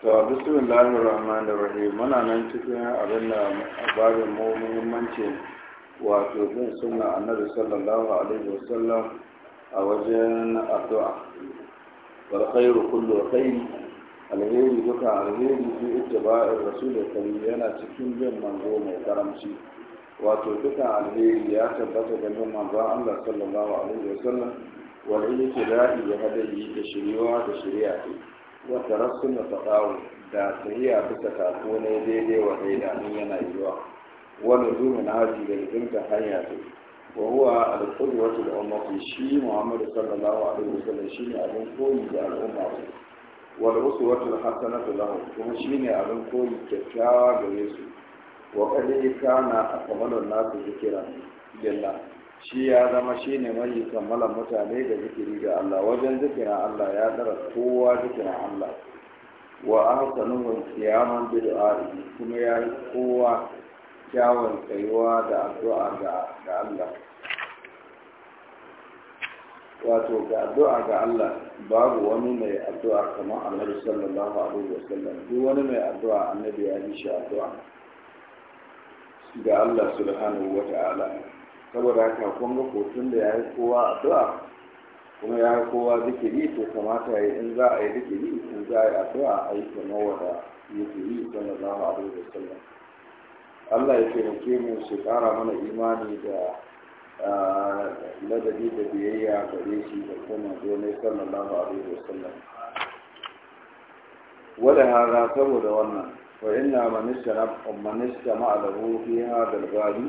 to bismillahir rahmanir rahim muna nan cikin abin da babin mu muhimmanci wato bin sunna annabi sallallahu alaihi wasallam a wajen addu'a wal khairu kullu khair alheri duka alheri fi ittiba'ir rasul karim yana cikin bin manzo mai karamci wato duka alheri ya tabbata ga bin manzo Allah sallallahu alaihi wasallam wal iltida'i bi hadayi da shiriwa da shari'a wata rasun da faɗawo da sahiya bisa tako ne daidai wa daida in yana yiwa wani zuwa na haji da hidimta hanya ce wa huwa alƙudu wata da ummatu shi muhammadu sallallahu alaihi wasallam shi ne abin koyi da al'umma su wal uswatu hasanatu lahu kuma shi ne abin koyi kyakkyawa gare su wa qad kana akmalun nasu zikran lillah shi ya zama shi ne mai kammala mutane da zikiri ga Allah wajen zikirin Allah ya tsara kowa zikirin Allah wa ahsanuhu qiyaman bi du'a'i kuma ya yi kowa kyawun tsayuwa da addu'a ga Allah wato ga addu'a ga Allah babu wani mai addu'a kamar Annabi sallallahu alaihi wasallam duk wani mai addu'a Annabi ya yi shi addu'a ga Allah subhanahu wata'ala saboda haka kun ga kotun da ya yi kowa a addu'a kuma ya yi kowa zikiri to kamata ya in za a yi zikiri in za a yi addu'a a yi kamar wada zikiri sallallahu alaihi wa sallam Allah ya taimake mu shi ƙara mana imani da ladabi da biyayya ga shi da kuma dole sallallahu alaihi wa sallam wada hara saboda wannan wa inna man istama lahu fi hadha al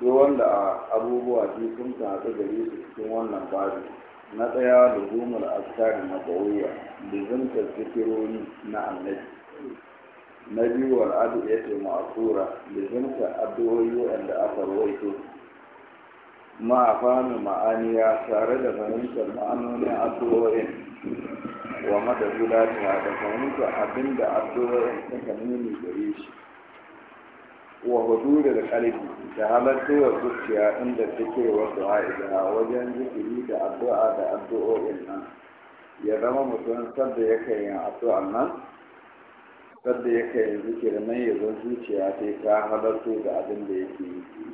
duk wanda a abubuwa biyu sun haɗu gare su cikin wannan babu na tsaya da gomar askari na bawuya da zanta zikirori na annabi na biyu al'adu ya ce ma'asura da zanta addu'o'i waɗanda aka rawaito ma'afani ma'aniya tare da fahimtar ma'anonin addu'o'in wa madadula ta da fahimtar abinda addu'o'in suka nuni gare shi wa da kalbi da halartuwar zuciya inda take wasu ha'iza wajen zikiri da addu'a da addu'o'in nan ya zama mutum sadda ya kai yin addu'an nan sadda ya kai yin zikirin nan ya zan zuciya ta yi ta halartu da abin da yake yi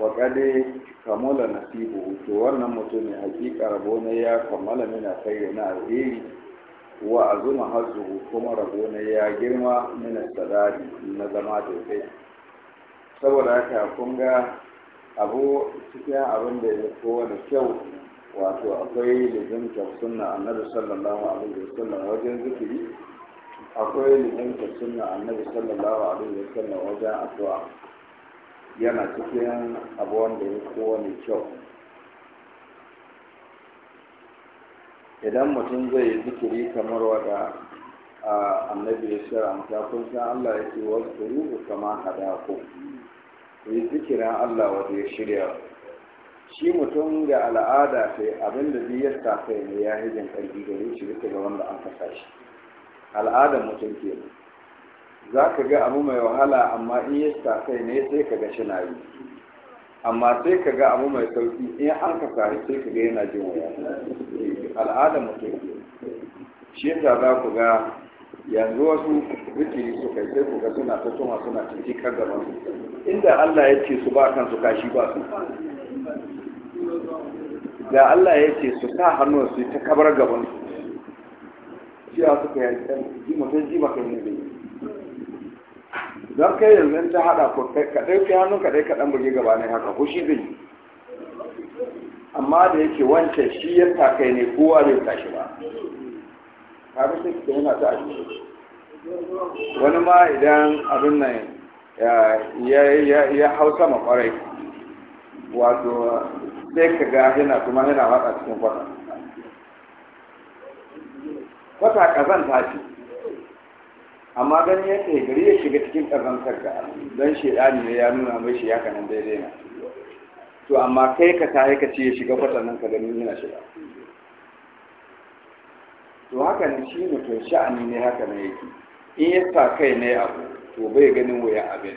wa kade kamula nasibu to wannan mutum ne hakika rabo na ya kammala mina kai na alheri wa azuma hazzuhu kuma rabo ne ya girma min sadari na zama dokai saboda haka kun ga abu cikin abin da ya wani kyau wato akwai lizimtar sunna annabi sallallahu alaihi wasallam wajen zikiri akwai lizimtar sunna annabi sallallahu alaihi wasallam wajen addu'a yana cikin abu wanda ya wani kyau idan mutum zai yi zikiri kamar wada annabi ya sharanta kun san Allah ya ce wasu kuru kama hada ku ku yi zikirin Allah wata ya shirya shi mutum ga al'ada sai abin da biyar ta kai ne ya hijin karfi ya shirya ta ga wanda an kasa shi al'adar mutum ke za ka ga abu mai wahala amma in ya sa kai ne sai ka ga shi na yi amma sai ka ga abu mai sauki in an ka sai ka ga yana jin waya al'adar mutum shi yasa za ku ga yanzu wasu rikiri su kai sai ku ga suna ta tuma suna cikin kan inda Allah ya ce su ba kansu kashi ba su da Allah ya ce su sa hannu su ta kabar gaban su shi suka yi ji mutum ji ba kai ne da yi don kai yanzu ta haɗa ku ka fi hannun kaɗai kaɗan buge gaba ne haka shi zai yi amma da yake wancan shi ya takai ne kowa zai tashi ba kafin sai ka yana ta ajiye wani ma idan abin nan ya hau sama kwarai wato sai ka ga yana kuma yana watsa cikin kwata kwata kazan ce amma ganin yadda gari ya shiga cikin ƙazantar ka don shaidani ne ya nuna mai shi haka nan daidai na to amma kai ka ta ka ce ya shiga kwatannin ka ganin yana shiga to haka ne shi mutum sha'ani ne haka ne yake in ya sa kai ne abu to bai ganin wuya abin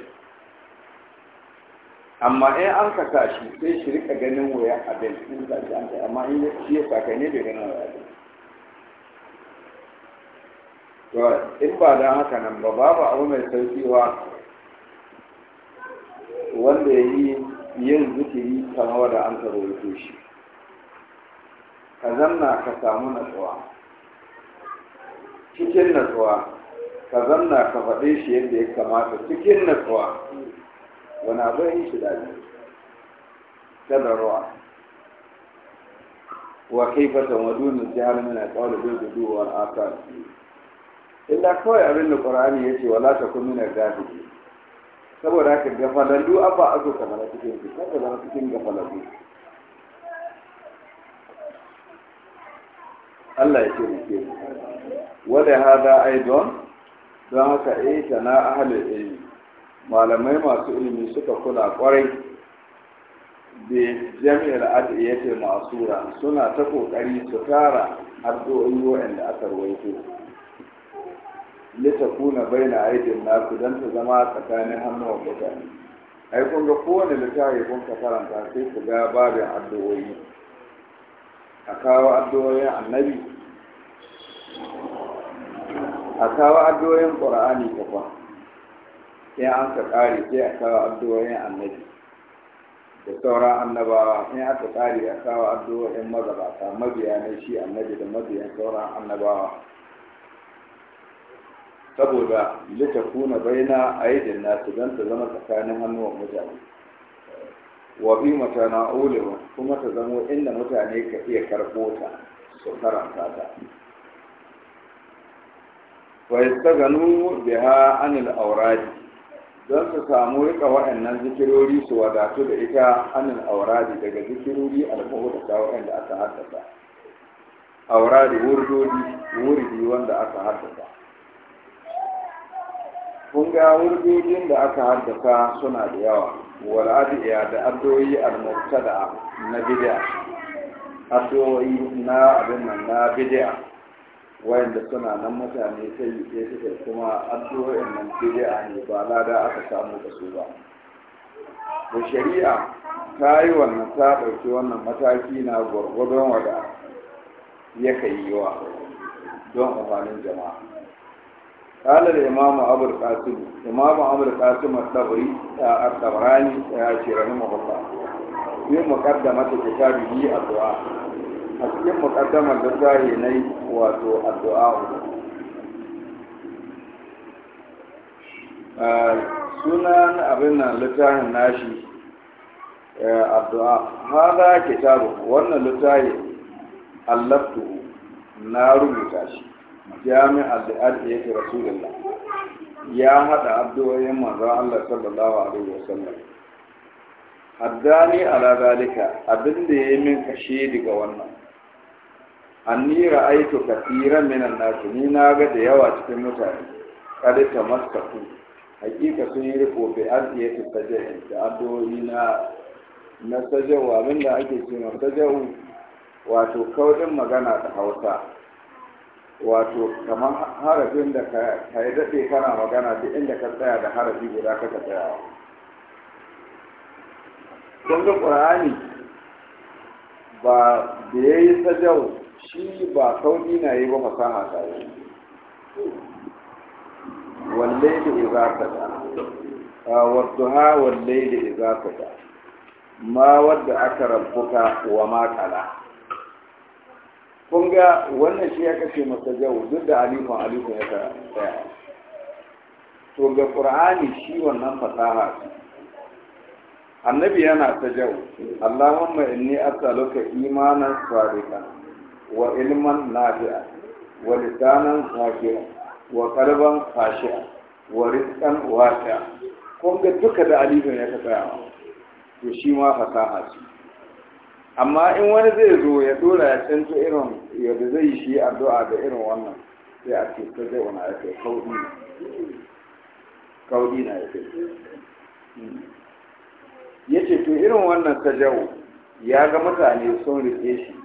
amma in an ka sa shi sai shi rika ganin wuya abin in sa shi an amma in ya sa kai ne bai ganin wuya abin to in ba don haka nan ba babu abu mai saukiwa wanda ya yi yin zikiri kamar da an taroto shi ka zanna ka samu natsuwa cikin natsuwa ka zanna ka faɗe shi yadda ya kamata cikin natsuwa wani abu ya yi shi daji ta da ruwa wa fata wa dunin jihar mina kawai da zai illa kawai abin da qur'ani yace wala takun na al-ghafilin saboda haka gafalallu abba zo kamar cikin su kada zama cikin gafalandu Allah ya taimake mu wada hada aidon don haka eh a ahlul ilmi malamai masu ilimi suka kula kwarai da jami'ar masu ma'asura suna ta kokari su tara har addu'o'i wa'anda aka rawaito litakuna baina aidin nasu don ta zama tsakanin hannuwan mutane ai kun ga kowane littafi kun ka karanta sai ku ga babin addu'o'i a kawo addu'o'in annabi a kawo addu'o'in in an ka kare sai a kawo addu'o'in annabi da sauran annabawa in aka kare a kawo addu'o'in magabata mabiya ne shi annabi da mabiyan annabawa saboda na baina a aidin nasu don ta zama tsakanin hannuwan mutane wa bi matana ulama kuma ta zama inda mutane ka iya karɓo ta su karanta ta wa yastaganu biha anil awradi don su samu rika waɗannan zikirori su wadatu da ita anil awradi daga zikirori alfahu da waɗanda aka haddasa auradi wurdodi wurdi wanda aka haddasa kun ga wurdodin da aka haddasa suna da yawa wal adiya da addu'o'i al-mubtada na bid'a addu'o'i na abin nan na bid'a wayanda suna nan mutane sai yi suke kuma addu'o'in nan bid'a ne ba lada aka samu da su ba da shari'a ta yi wannan ta ɗauki wannan mataki na gwargwadon wada ya kai yiwa don amfanin jama'a قال الإمام أبو القاسم إمام أبو القاسم الطبري الطبراني رحمه الله في مقدمة كتابه الدعاء في مقدمة لله ني وتو الدعاء sunan abin nan الناشي الدعاء هذا كتابه وأن wannan littafi نار na Jami'ar da adiyati rasulullah ya hada addu'o'in manzon Allah sallallahu alaihi sallam haddani ala zalika abinda yi min kashe daga wannan anni ra'aytu min minan nas ni ga da yawa cikin mutane kada ta maskaku hakika sun yi riko bi ta sajai da addu'o'i na na sajau abinda ake cewa sajau wato kaudin magana da Hausa wato kamar harafin da ka yi daɗe kana magana da inda ka tsaya da harafi guda ka ka tsaya don ga ƙur'ani ba da ya yi sajau shi ba sauƙi na yi ba fasaha ta yi walle da iza ka da wasu ha wallai da iza ka da ma wadda aka rabbuka wa makala kun ga wannan shi ya kashe masa jawo duk da alifin alifin ya tsaya to ga qur'ani shi wannan fasaha annabi yana ta jawo allahumma inni as'aluka imanan sadiqan wa ilman nafi'a wa lisanan zakira wa qalban khashi'a wa rizqan wasi'a kun ga duka da alifin ya tsaya to shi ma fasaha ce amma in wani zai zo ya dora ya canto irin yadda zai yi shi addu'a da irin wannan sai a ce ta zai wani ake kaudi kaudi na yake hmm. ya ce to irin wannan ta jawo ya ga mutane sun rike shi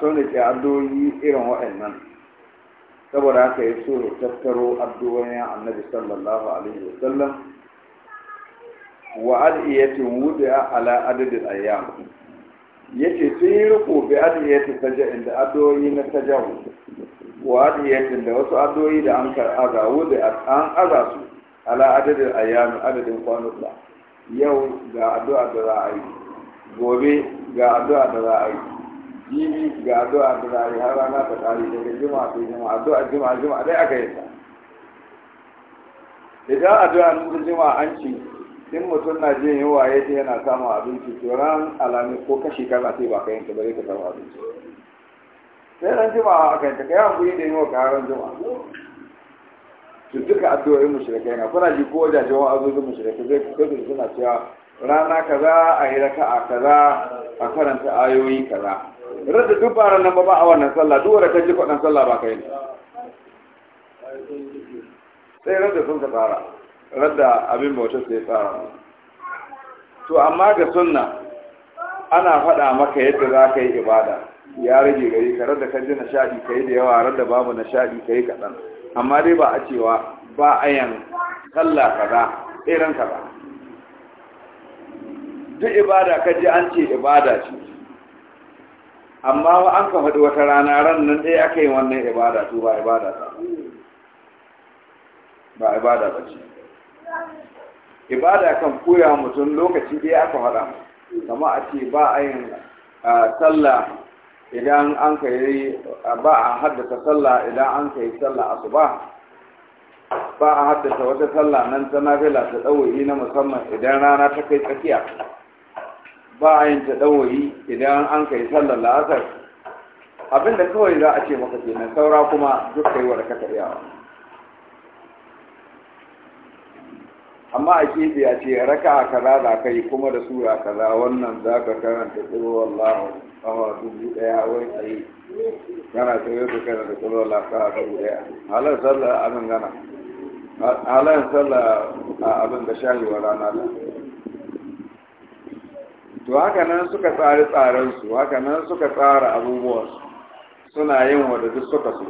sun rike addu'o'i irin waɗannan saboda haka ya so ya tattaro addu'o'in annabi sallallahu alaihi sallam wa adiyatin wudi'a ala adadin ayyam yace sun yi riko bi adiyatin taja'in da addu'o'i na tajahu wa adiyatin da wasu addu'o'i da an aza da an aza su ala adadin ayyami adadin kwanuka yau ga addu'a da za a yi gobe ga addu'a da za a yi jibi ga addu'a da za a yi har rana ta kare daga juma'a sai juma'a addu'a juma'a juma'a dai aka yi ta idan addu'a da juma'a an ci. in mutum na jin yin ya ce yana samun abinci to ran alami ko kashi kaza sai ba ka yanka bare ka samu abinci sai ran jima a kanta kai yawan kuyi da yi ka ran jima. su duka addu'o'in mushrikai na kuna ji ko wajajen wa'azozin mushrikai zai ko da suna cewa rana kaza a yi a kaza a karanta ayoyi kaza rada duk ba nan ba a wannan sallah duk wanda ka ji kwaɗan sallah ba kai ne sai rada sun ka tsara Randa abin bauta sai tsara mu to amma ga sunna ana faɗa maka yadda za ka yi ibada ya rage gari ka radda ka ji nishaɗi ka yi da yawa randa babu nishaɗi ka yi kaɗan amma dai ba a cewa ba a yan sallah kaza irin kaza duk ibada ka ji an ce ibada ce amma wa an ka faɗi wata rana ran nan ɗaya aka yi wannan ibada to ba ibada ta ba ibada ba ce ibada kan koya mutum lokaci ya aka faɗa kama a ce ba a yin sallah idan an ka yi ba a haddasa sallah idan an ka yi sallah asuba ba a haddasa wata sallah nan ta nafila ta ɗawayi na musamman idan rana ta kai tsakiya ba a yin ta ɗawayi idan an ka yi sallah la'asar abinda kawai za a ce maka kenan saura kuma duk kai wa da ka karyawa amma a kebe ya ce raka kaza za ka yi kuma da sura kaza wannan za ka karanta tsoro Allah kawa dubu daya wai tsaye kana tsaye ka karanta tsoro Allah kawa dubu daya halar sallah abin gana halar sallah abin da shahiwa rana da to haka nan suka tsari tsarensu haka nan suka tsara abubuwansu suna yin wadda duk suka so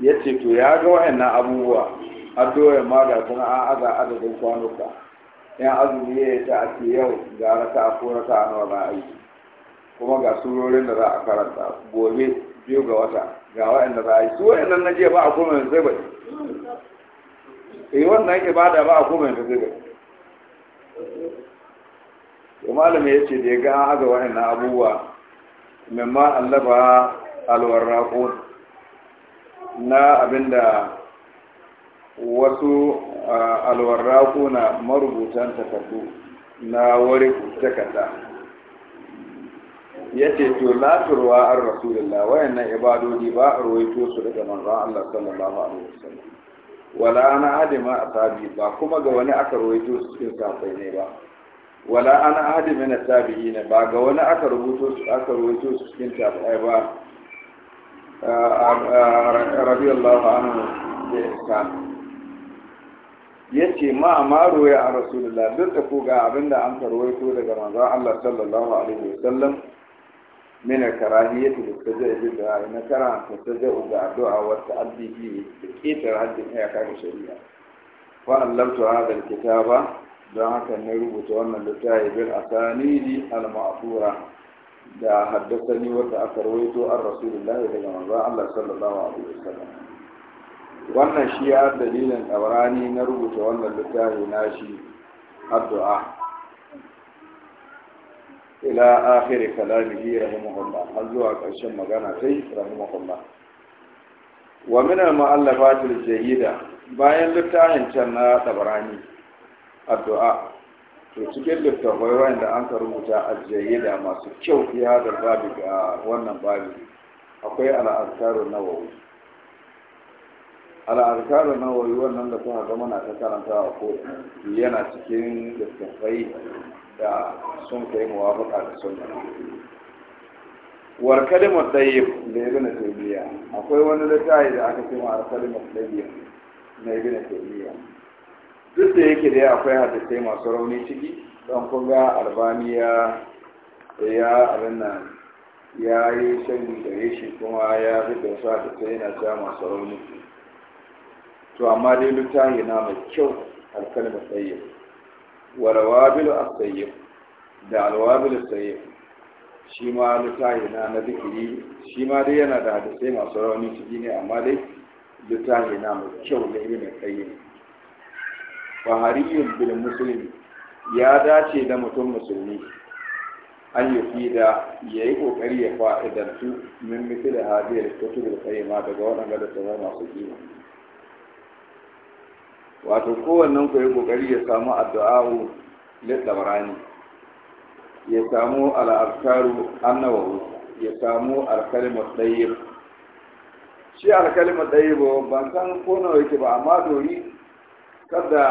ya ce to ya ga wa'annan abubuwa har doyar ma ga tana an aza adadin kwanuka yan azumi ya yi ta a ce yau ga raka a kora ta a nawa ba a yi kuma ga surorin da za a karanta gobe biyu ga wata ga da za a yi su waɗannan na jiya ba a koma yanzu bai eh wannan ibada ba a koma yanzu bai to malami ya ce da ya ga an aza na abubuwa mimma allaba alwarraƙo na abinda wasu alwarraku na marubutan takardu na wari takarda ya ce to laturwa an rasulullah wayannan ibadodi ba a rawaito su daga manzon Allah sallallahu alaihi wasallam wala ana adima asabi ba kuma ga wani aka rawaito su cikin safai ne ba wala ana adima na tabi'i ne ba ga wani aka rubuto su aka rawaito su cikin safai ba radiyallahu anhu da iskan yace ce ma maro ya a rasulullah duk da ku ga abinda da an karwaito daga manzo Allah sallallahu alaihi wasallam min karahiyyati da tajaji da na karanta tajaji da addu'a wa ta'addi bi kitar haddin ya kaga shari'a wa allamtu hadha alkitaba don haka ne rubuta wannan littafi bil asanidi al ma'thura da ni wata aka rawaito an rasulullahi daga manzo Allah sallallahu alaihi wasallam wannan shi ya dalilin tsabarani na rubuta wannan littafi na shi addu'a ila akhir kalamihi rahimahullah har zuwa ƙarshen magana sai rahimahullah wa min al-mu'allafat al-jayyida bayan littafin can na tsabarani addu'a to cikin littafai wanda an ka rubuta al-jayyida masu kyau ya da babu ga wannan babu akwai al-azkaru nawawi na wayo wannan da kuma zama na ta karanta a ko yana cikin littattafai da sun kai muwafaka da sunna war kalimar dayyib da ibn taymiya akwai wani littafi da aka cewa al kalimar dayyib na ibn taymiya duk da yake dai akwai hadisai masu rauni ciki don kun ga albaniya ya abin nan ya yi shan da shi kuma ya da wasu hadisai yana cewa masu rauni to amma dai littafi na mai kyau alkalma tsayyib walawabilu a tsayyib da alwabilu tsayyib shi ma littafi na na zikiri shi ma dai yana da hadisai masu rauni ciki ne amma dai littafi na mai kyau da ilimin tsayyib fahariyyun bil musulmi ya dace da mutum musulmi an yi fi da ya yi ƙoƙari ya fa'idantu min mitu da hadiyar kutubul ma daga waɗanda da sauran masu kima wato kowannen ku yi kokari ya samu addu'a'u littabarani ya samu al'arkaru annawa ya samu alkalimar ɗayyib shi alkalimar ɗayyib ban san ko nawa yake ba amma dori kada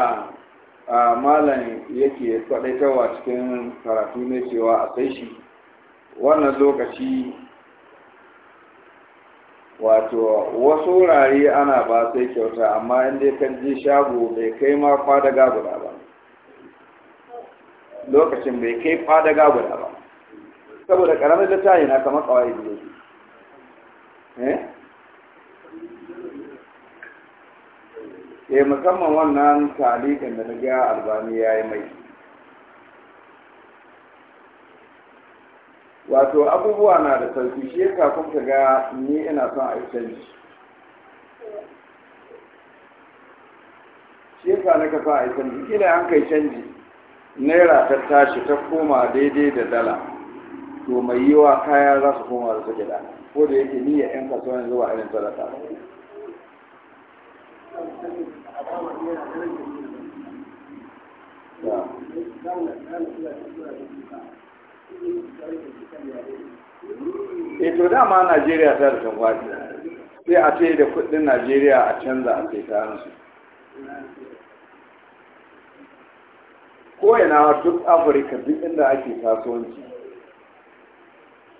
malam yake kwaɗaitarwa cikin karatu ne cewa a sai shi wannan lokaci wato wasu wurare ana ba sai kyauta amma inda kan ji shago bai kai ma kwadaga guda ba lokacin bai kai kwadaga guda ba saboda karamin littafi na kamar kawai biyu eh eh musamman wannan talikin da na ga albani ya yi mai wato abubuwa na da sauki shi yasa kun ka ga ni ina son a yi canji shi na ka a yi canji kila an kai canji naira ta tashi ta koma daidai da dala to mai yi wa kaya za su koma da suke dana ko da yake ya yan kasuwa yanzu ba irin talata ba e to dama najeriya ta da tafadi sai a ce da kudin najeriya a canza a sai su ko ina duk afirka duk inda ake kasuwanci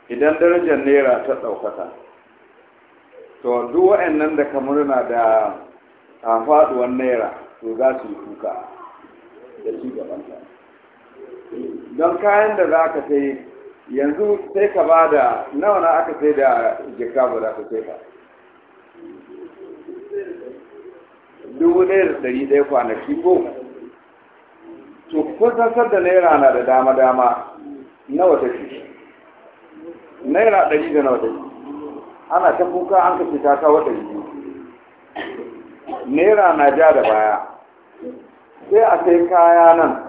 idan darajar naira ta ɗaukata to duk wa'annan da kamar na da a faɗuwar naira to za su yi kuka da ci gabanta don kayan da za ka sai yanzu sai ka ba da nawa na aka sai da jika guda ka sai ba dubu ɗaya da ɗari ɗaya kwanaki ko to kun san da naira na da dama dama nawa ta ce naira ɗari da nawa ta ce ana ta kuka an ka fita ta wata biyu naira na ja da baya sai a sai kaya nan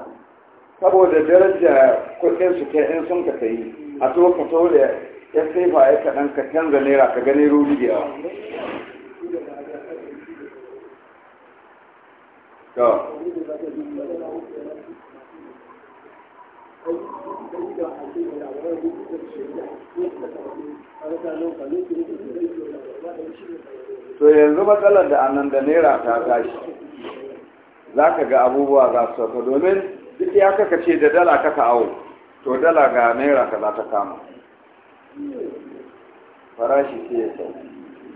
saboda daraja kuɗin su ke in sun ka sayi a to ka to da ya saifa ya kaɗan ka canza naira ka gane ruri da yawa to yanzu matsalar da annan da naira ta tashi za ka ga abubuwa za su domin duk ya kaka ce da dala ka awo to dala ga naira ka za ta kama farashi sai ya sau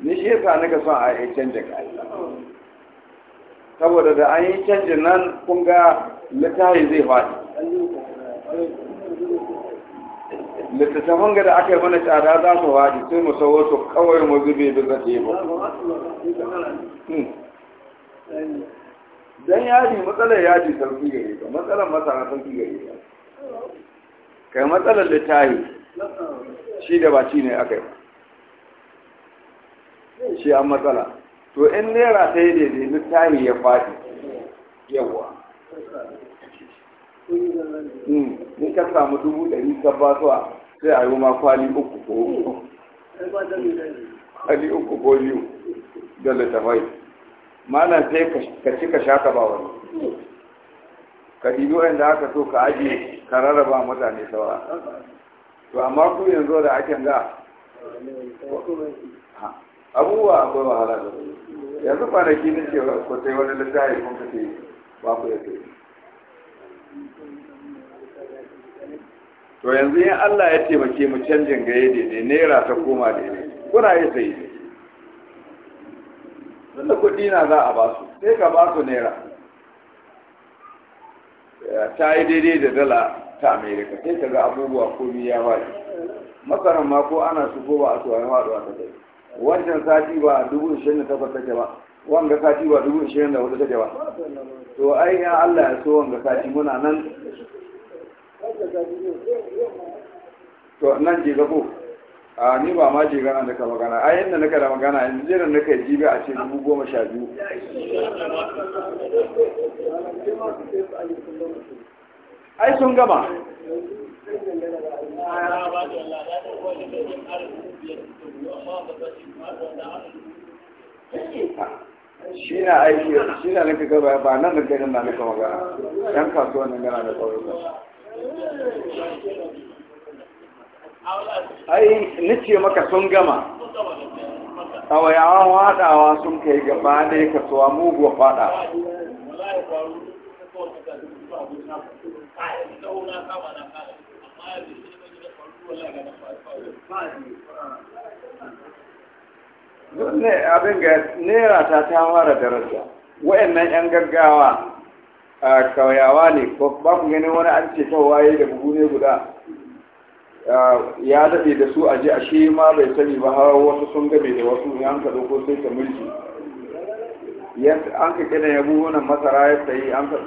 ni shi yasa nika son a yi canjin yi saboda da an yi canjin nan kun ga littafi zai faɗi littattafan ga da aka yi mana tsada za su faɗi sai mu sauwa su kawai mu zube zafi ba. don yadi matsalar yadi sauki gare ka matsalar masana sauki gare ka kai matsalar yi shi da baci ne aka yi shi an matsala to in naira ta yi daidai yi ya faɗi yawa hmm, in ka samu dubu ɗari ka ba zuwa sai a yi ma kwali uku ko kwali uku ko biyu da littafai malam sai ka ci ka sha ka ba wani ka dibi wanda aka so ka aji ka rarraba mutane saura to amma ku yanzu da ake ga abubuwa akwai wahala da yanzu kwanaki na ce ku sai wani littafi kun ka ce ba ku ya sai to yanzu yin Allah ya taimake mu canjin gaye daidai naira ta koma daidai kuna yi sai tun da kuɗi na za a ba su sai ka ba su naira ta yi daidai da dala ta amerika sai ka ga abubuwa komi ya faɗi masarar ma ko ana su ko ba a tuwa ya faɗuwa ta kai wancan sati ba dubu ishirin da takwas take ba wanga sati ba dubu ishirin da hudu take ba to ai ya allah ya so wanga sati muna nan to nan je ga ko a ni ba ma je gana da ka magana a yadda naka da magana yanzu jiran na kai jibi a ce dubu goma sha biyu ai sun gama shi na aiki shi na nake gaba ba nan da ganin na nake magana yan kasuwan nan gana da ƙauyuka ai nace maka sun gama tsawayawan wadawa sun kai gaba da ya kasuwa muguwa fada ne abin ga nera ta ta mara daraja wa'annan yan gaggawa a kauyawa ne ba ku ganin wani an ce tawaye da buhu ne guda ya daɗe da su aje a shi ma bai sani ba har wasu sun gabe da wasu ya hanka ko sai ta mulki an ka kina ya buhu nan masara ya sayi an ka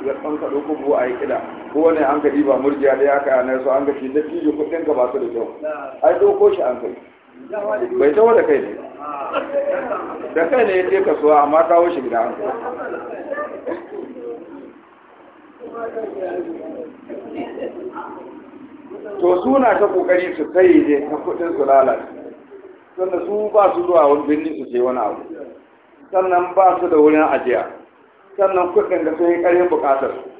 ko buhu a yi kida ko wani an ka ɗiba murjiya da ya kaya na yaso an ka shi da fiye kuɗin ka ba su da kyau ai doko shi an kai bai tawo da kai ne da kai ne ya je kasuwa amma kawo shi gida an kai to suna ta kokari su kai ne ta kudin su lalace sannan su ba su zuwa wani birni su ce wani abu sannan ba su da wurin ajiya sannan kudin da sai karin bukatar su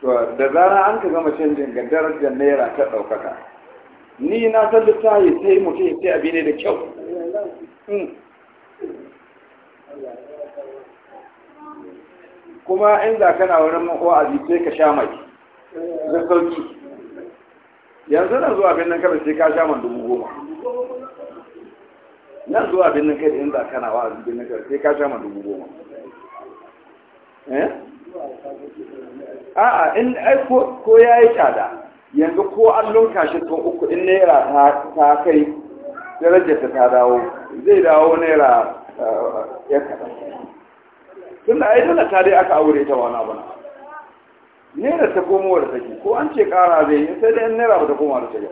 to da zara an ka gama canjin ga darajar naira ta ɗaukaka ni na san littafi sai mutum sai abi ne da kyau hmm. kuma in za kana wurin wa'azi sai ka sha mai da sauki yanzu nan zuwa birnin kano sai ka sha man dubu goma nan zuwa birnin kai in za kana wa'azi birnin kano sai ka sha man dubu goma eh? a'a in ai ko ya yi tsada yanzu ko an lunka shi ko uku in naira ta kai darajar ta dawo zai dawo naira ya kaɗa tun da ai tana dai aka aure ta wani ne naira ta komo da take ko an ce ƙara zai yi sai dai naira ba ta koma da take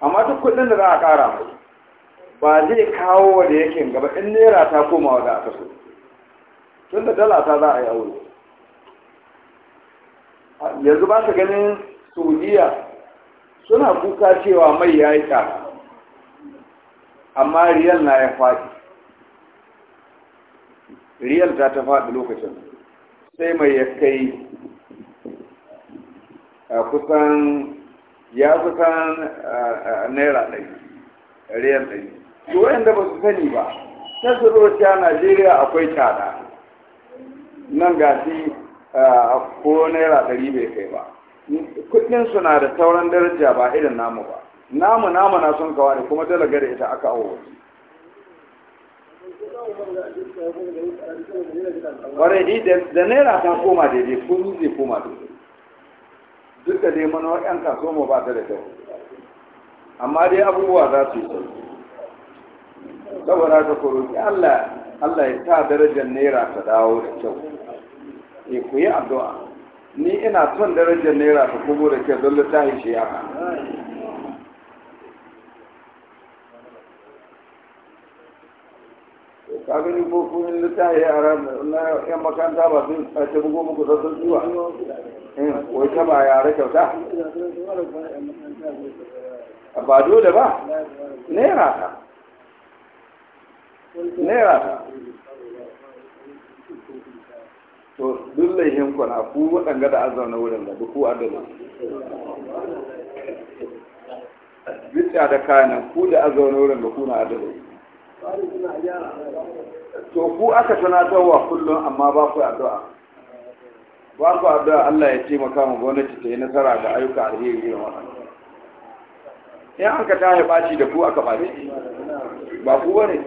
amma duk kuɗin da za a ƙara mai ba zai kawo da yake gaba in naira ta koma da aka so tun da dala ta za a yi aure yanzu ba ta ganin saudiya suna kuka cewa mai ya yi ƙara amma riyal na ya faɗi riyal ta ta faɗi lokacin sai mai ya kai a kusan ya kusan naira ɗari riyal ɗari to da ba su sani ba ta surociya najeriya akwai tsada nan ga ko naira ɗari bai kai ba kudin su na da sauran daraja ba irin namu ba namu namu na sun kawai kuma dalaga da ita aka awo ƙwarai da naira ta koma daidai komi zai koma dukka duk da dai mana yan kaso mu ba ta kyau amma dai abubuwa za su yi sauki saboda ta ku ki Allah Allah ya taa darajar naira ta dawo da kyau ya eh, ku yi addu'a ni ina son darajar naira ta komo da kyau don littafin shi haka bugun littafi yara na yan makaranta ba sun ta bugo muku da sun ciwa eh, wai ta ba yare kyauta ba dole ba naira ta naira ta to duk laihin kwana ku waɗanga da azauna wurin da duk ku adalin bisa da kayanan ku da azauna wurin da ku na adana? to ku aka tunatarwa kullum amma ba ku addu'a ba ku addu'a Allah ya taimaka mu gwamnati ta yi nasara ga ayyuka alheri da wannan in an ka tashi baci da ku aka baci ba ku bane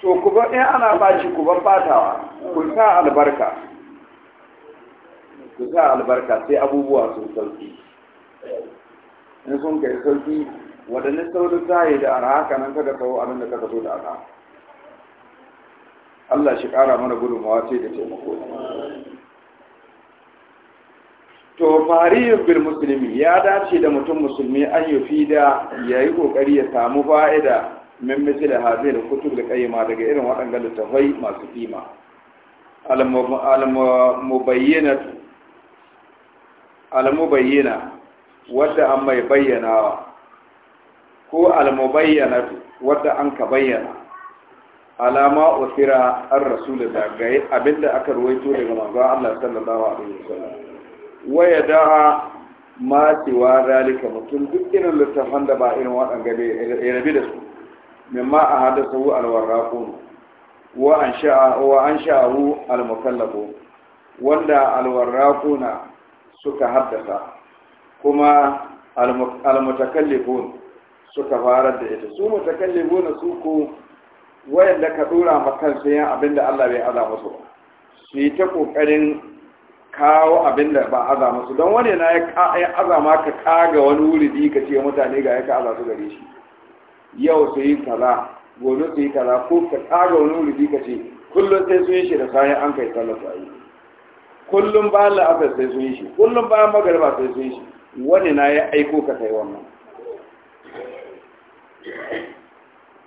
to ku ba in ana baci ku ban batawa ku sa albarka ku sa albarka sai abubuwa sun sauki in sun kai sauki waɗannan saurin yi da arha haka nan kaka kawo abin da kaka so da ana. Allah shi ƙara mana gudunmawa sai da taimako to fariyin musulmi ya dace da mutum musulmi an yi da ya yi ƙoƙari ya samu fa'ida min misali hazi da kutub da kayyama daga irin waɗanda littafai masu kima al-mubayyana wadda an mai bayyanawa ko almubayyanatu wadda an ka bayyana alama usira an rasul da gai abinda aka ruwaito daga manzo Allah sallallahu alaihi wasallam waya da ma wa zalika mutum duk irin littafan da ba irin wadan gabe ya da su mimma a hadasa hu alwarraqun wa an wa an sha'ahu wanda alwarraquna suka haddasa kuma almutakallifun suka farar da ita su mutakallimu na su ko wayanda ka dora ma kansu yin abin da Allah bai aza musu su yi ta kokarin kawo abin da ba aza musu don wani na ya aza ma ka kaga wani wuridi ka ce mutane ga ya ka aza su gare shi yau su yi kaza gobe su yi kaza ko ka kaga wani wuridi ka ce kullum sai sun yi shi da sayan an kai sallar su ayi kullum bayan la'asar sai sun yi shi kullum bayan magariba sai sun yi shi wani na ya aiko ka kai wannan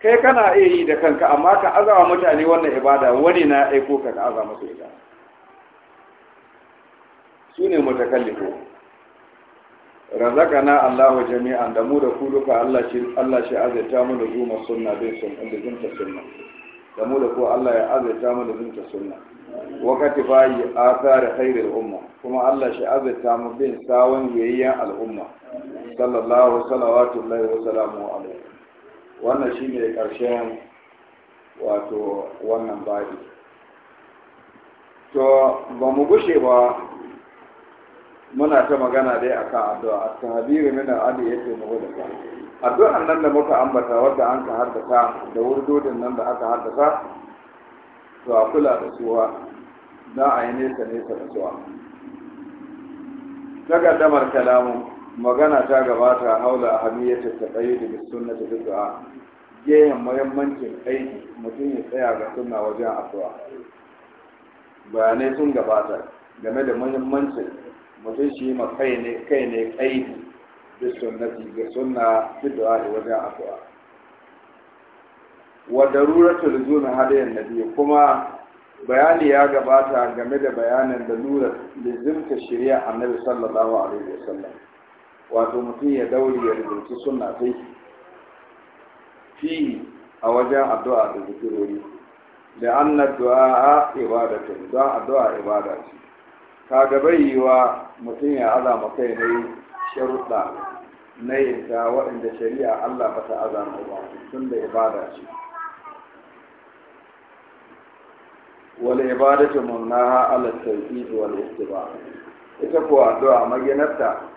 kai kana iya yi da kanka amma ka azawa mutane wannan ibada wani na aiko ka ka aza masu ita su ne mutakallifo na Allahu jami'an da mu da ku duka Allah shi Allah azaita mu da zuma sunna bin sun inda zinta sunna da mu da ku Allah ya azaita mu da zunta sunna bayi a tsara hairar umma kuma Allah shi azaita mu bin sawon yayyan al'umma sallallahu salawatullahi wa salamu alaihi wannan shine ƙarshen wato wannan baɗi. to ba mu gushe ba muna ta magana dai akan addu'a at-tahdiru Ali ya adi da muhallaka addu'an nan da muka ambata wadda an ka haddasa da wurdodin nan da aka haddasa to a kula da suwa za a yi nesa nesa da suwa takaddamar kalamu magana ta gabata haula ahamiyyata ta tsaye da sunna ta du'a gehen muhimmancin aiki mutum ya tsaya ga sunna wajen addu'a bayanai sun gabata game da muhimmancin mutum shi ma kai ne kai ne aiki da sunnati ga sunna fi du'a wajen addu'a wa daruratu luzumi hadayan nabi kuma bayani ya gabata game da bayanin da lura lizimta shari'a annabi sallallahu alaihi wasallam wato mutum ya daure ya rubuci sunna sai fi a wajen addu'a da zikirori da annar du'a ibadatun don addu'a ibada ce ga bai wa mutum ya azama kai ne sharuɗa na yadda waɗanda shari'a Allah ba ta azama ba tun da ibada ce wal ibadatu munnaha ala tawhid wal ittiba ita ko addu'a maginarta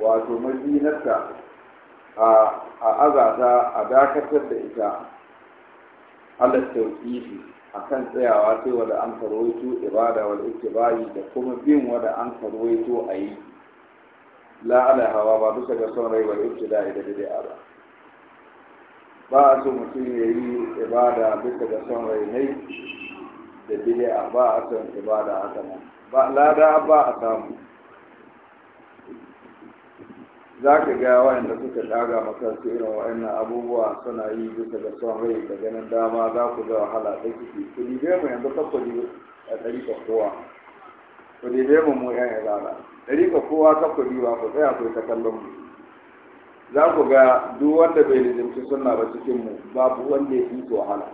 wato madinarta a azata a dakatar da ita ala a akan tsayawa sai wanda an karwaito ibada wal ittibai da kuma bin wanda an karwaito a yi la ala hawa ba bisa ga son rai wal ibtida'i da bid'a ba ba a so mutum ya yi ibada bisa ga son rai ne da bid'a ba a son ibada haka nan ba lada ba a samu za ka ga wayanda suka daga su irin wayannan abubuwa suna yi duka da son rai da ganin dama za ku ga wahala da ciki ku dibe mu yanzu ta ku a ɗari ka kowa ku dibe mu mu yan izala ɗari ka kowa ta ku ba ku tsaya ku ta kallon mu za ku ga duk wanda bai rijimci suna ba cikin mu babu wanda ya yi wahala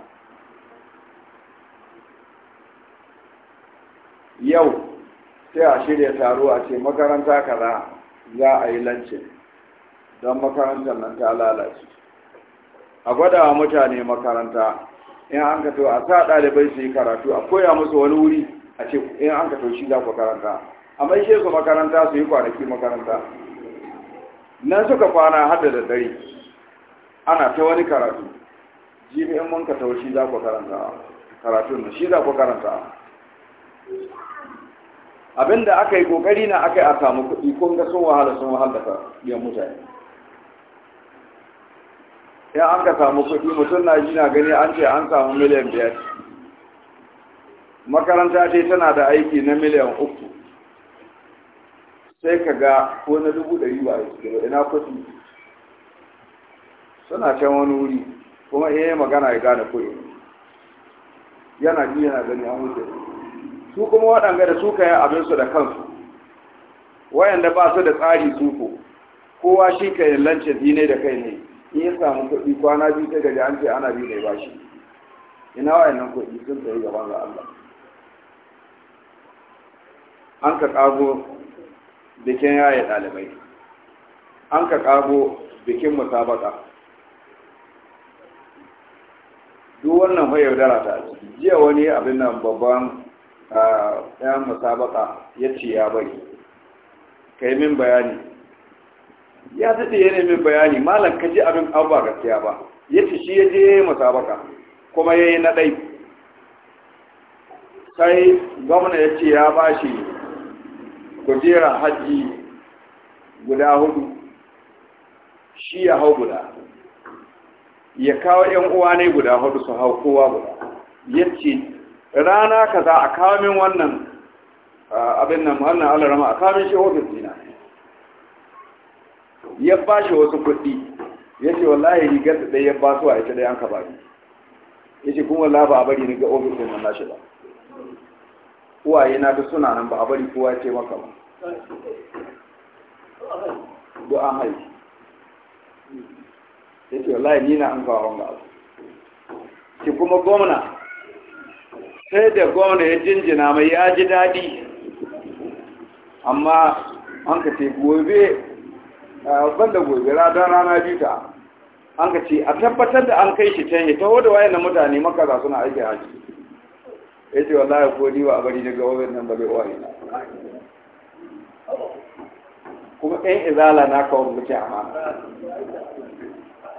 yau sai a shirya taro a ce makaranta kaza za a yi lancin don makarantar nan ta lalace a gwada wa mutane makaranta in an ka to a sa ɗalibai su yi karatu a koya musu wani wuri a ce in an ka to shi za ku karanta a mai su makaranta su yi kwanaki makaranta nan suka kwana hada da dare, ana ta wani karatu jibi in mun ka to shi za ku karanta karatun nan shi za ku karanta abinda aka yi kokari na aka yi a samu kuɗi kun ga sun wahala sun wahala ta biyan mutane in an ka samu kuɗi mutum na ji na gani an ce an samu miliyan biyar makaranta ce tana da aiki na miliyan uku sai ka ga ko na dubu ɗari ba a cikin ina kuɗi suna can wani wuri kuma iya magana ya gane kuɗi yana ji yana gani an wuce su kuma waɗanga da suka yi abinsu da kansu wayanda ba su da tsari suko kowa shi ka yi lancin zine da kai ne in ya samu kuɗi kwana biyu sai gaji an ce ana biyu mai bashi ina wa'annan kuɗi sun sayi gaban ga Allah an ka ƙago bikin yaya ɗalibai an ka ƙago bikin musabaka duk wannan fa yaudara ta jiya wani abin nan babban ah, ɗayan musabaka ya ce ya bari ka yi min bayani ya daɗe ya nemi bayani malam ka ji abin abuwa ba gaskiya ba ya ce shi ya je masabaka kuma ya yi naɗai. sai gwamna ya ce ya ba shi kujera hajji guda hudu shi ya hau guda ya kawo ‘yan uwa ne guda hudu su hau kowa guda ya ce rana kaza a kawo wannan abin nan wannan alarama a kawo shi ofis dina ya ba shi wasu kuɗi ya ce wallahi rigar da ya ba su a ita ɗaya an ka bari ya ce kuma wallahi ba a bari ni ga ofis nan shi ba uwaye na duk suna nan ba a bari kowa ce maka ba duk an haifi ya ce wallahi ni na an kawo wanga abu ki kuma gwamna sai da gwamna ya jinjina mai ya ji daɗi amma an ka ce gobe Ah, ban da gobe ranar rana biyu ta an ka ce a tabbatar da an kai shi can ya wadda waye na mutane makaza suna aiki a ciki ya ce wallahi ko ni wa a bari daga wajen nan ba bai wani na kuma ɗan izala na kawo muke a mana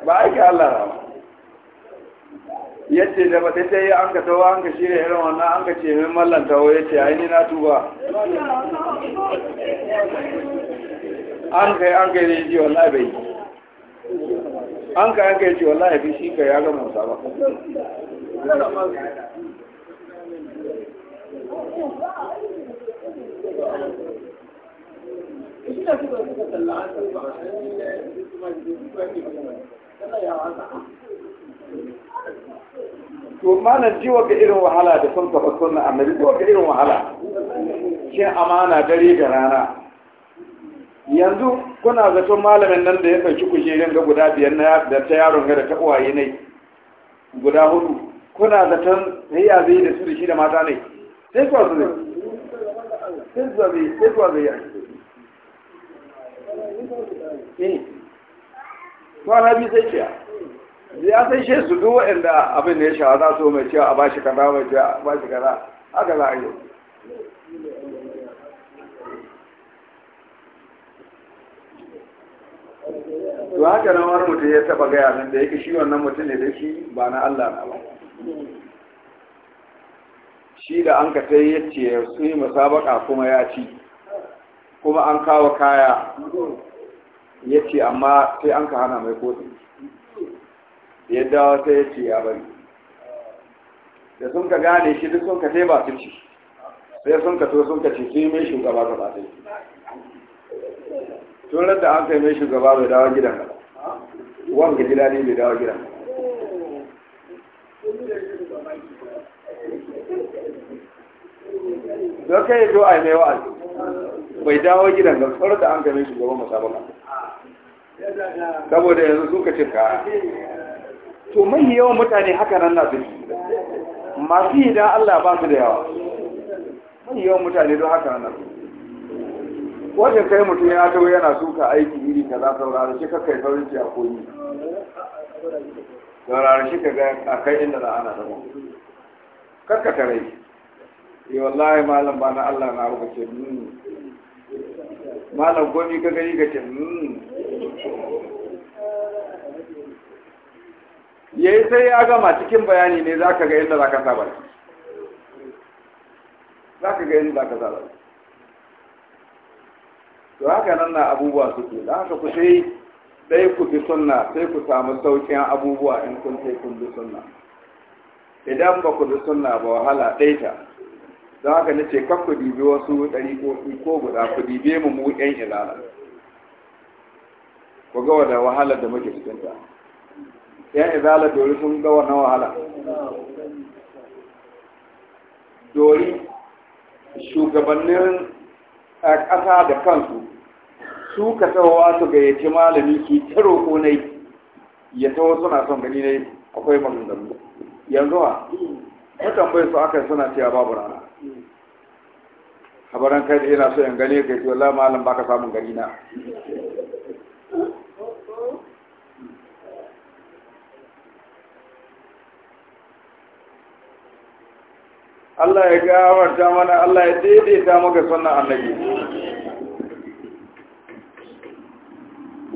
ba aiki Allah rama ba ce da ba yi an ka tawa an ka shirya irin wannan an ka ce min mallan tawo yace yi ni na tuba an kai an kai ne ji wallahi bai an kai an kai ji wallahi bi shi kai ya ga musa ba to malam jiwa ga irin wahala da sun kafa sunna annabi jiwa ga irin wahala shin amana dare da rana yanzu kuna zaton malamin nan da ya ɗauki kujerin ga guda biyar na da ta yaron ga da ta uwaye ne guda hudu kuna zaton hayya zai da su da shi da mata ne sai kuwa su zai sai kuwa zai yi kwana biyu sai ce ya sai shi su duwa inda abin da ya shahara so mai cewa a bashi kaza mai cewa a bashi kaza haka za a yi to haka nan wani mutum ya taba gaya min da yake shi wannan mutum ne da shi ba na Allah na ba shi da an ka ta yi yace su yi musabaka kuma ya ci kuma an kawo kaya ya ce amma sai an ka hana mai kotu ya dawo sai ya ce ya bari da sun ka gane shi duk sun ka sai ba su ci sai sun ka to sun ka ci, su yi mai shugaba ba ɗaya tun da an kai mai shugaba bai dawo gidan ba wanga gida ne bai dawo gida. don kai ya zo a mai wa'azi bai dawo gidan ga tsoron da an kai mai shugaba musabaka saboda yanzu suka ce ka to mai yawan mutane haka nan na su masu idan Allah ba su da yawa mai yawan mutane don haka nan na su wanda kai mutum ya tawo yana suka aiki iri kaza saurara shi ka kai shi a koyi saurara shi ka ga a kai inda da ana zama karka tare yi eh, wallahi malam ba na Allah na ruka ce hmm. malam gomi ka gani ka ce hmm. yi sai ya gama cikin bayani ne za ka ga inda za ka saba za ka ga inda za ka saba to haka nan na abubuwa suke da haka ku sai dai ku bi sunna sai ku samu saukin abubuwa in kun sai kun bi sunna idan ba ku bi sunna ba wahala ɗaita don haka na ce kan ku dibi wasu ɗari ko guda ku dibe mu mu ƴan ilala ku ga wadda wahala da muke cikin ta ƴan ilala dori sun ga wannan wahala dori shugabannin ƙasa da kansu su ka tawowa su gayyaci malami ki ta roƙo nai ya tawo suna son gani ne akwai maganganu yanzu ha mutan bai su aka suna cewa babu rana habaran kai da yana so yan gani kai to wallahi malam baka samun gani na Allah ya gawarta mana Allah ya daidaita maka sunan annabi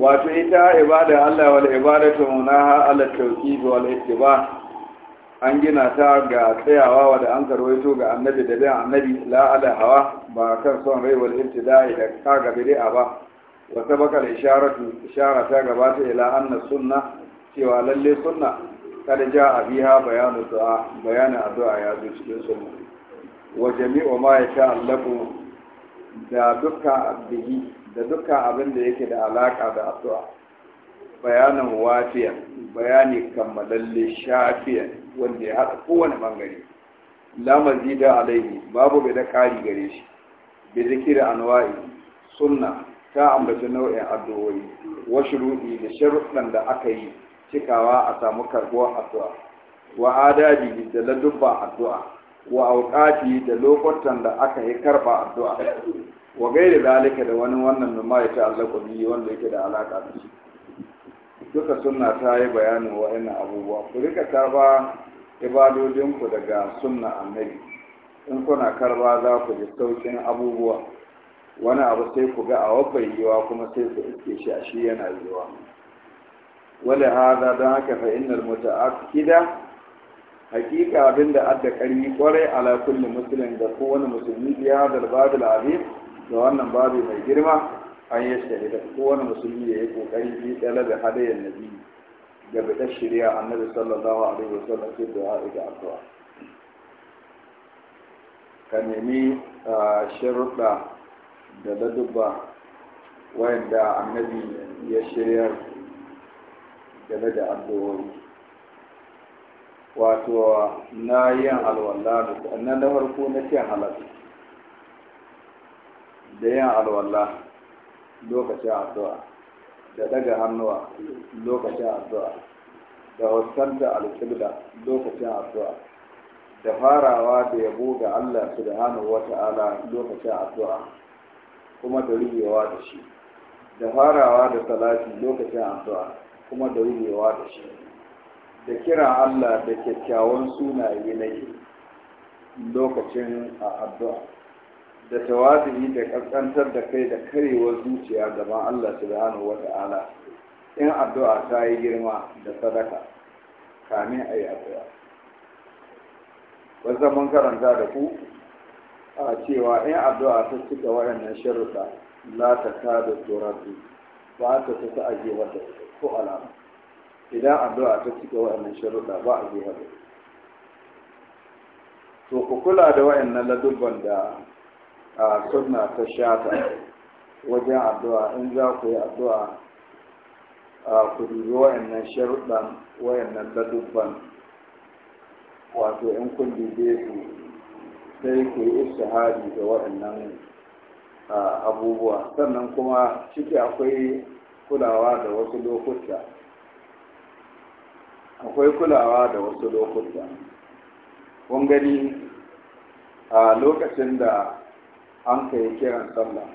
wato ita ibada Allah wal ibadatu munaha ala tawhid wal ittiba an gina ta ga tsayawa da an karwaito ga annabi da bayan annabi la ala hawa ba kan son rai wal ibtida'i da ka ga a ba wa sabaka al isharatu isharata gabata ila anna sunna cewa lalle sunna kada ja a biha bayanu du'a bayanin addu'a ya zo cikin sunna wa jami'u ma yasha'allahu da dukkan abdihi da dukkan abin da yake da alaka da addu'a bayanan wafiya bayani kammalalle shafiya wanda ya haɗa kowane bangare lamazi da alaihi babu bai da ƙari gare shi bai zikir anwa'i sunna ta ambaci nau'in addu'o'i wasu ruɗi da sharuɗan da aka yi cikawa a samu karɓuwar addu'a wa adadi da ladubban addu'a wa auƙati da lokutan da aka yi karɓa addu'a wa da zalika da wani wannan mimma ya ta'allaqu biyu wanda yake da alaka da shi duka sunna ta yi bayanin wa'annan abubuwa ku rika karba ibadodinku daga sunna annabi in kuna karba za ku ji saukin abubuwa wani abu sai ku ga a wabbai yiwa kuma sai ku iske shi a shi yana yiwa wala hada don haka fa innal muta'akkida hakika abinda adda karni kwarai ala kulli muslim da kowane musulmi biya da babul azim da wannan babu mai girma an yi shahida kowane musulmi ya yi kokari fi tsala da hadayen nabi ga bidar shari'a annabi sallallahu alaihi wasallam fi du'a da addu'a ka nemi sharuɗa da ladubba wayanda annabi ya shirya game da addu'o'i wato na yin alwala na da farko na cin halatta da yin alwala lokacin addu'a da daga hannuwa lokacin addu'a da wasanta alƙibla lokacin addu'a da farawa da yabo ga Allah da wata wata'ala lokacin addu'a kuma da rigewa da shi da farawa da salati lokacin addu'a kuma da rigewa da shi da kira Allah da kyakkyawan sunaye na yi lokacin addu'a da tawazi da kaskantar da kai da karewar zuciya gaban Allah subhanahu wa ta'ala in addu'a ta yi girma da sadaka kamin a yi addu'a wasu mun karanta da ku a cewa in addu'a ta cika waɗannan sharuɗa la ta kada tsorafi ba ta ta ta aje wata ko alama idan addu'a ta cika waɗannan sharuɗa ba a je wata to ku kula da waɗannan ladubban da a sunna ta shata wajen addu'a in za ku yi addu'a a ku dubi wayannan sharuɗan wayannan ladubban wato in kun dube su sai ku yi istihari da wayannan abubuwa sannan kuma ciki akwai kulawa da wasu lokuta akwai kulawa da wasu lokuta kun gani a lokacin da an kai kiran sallah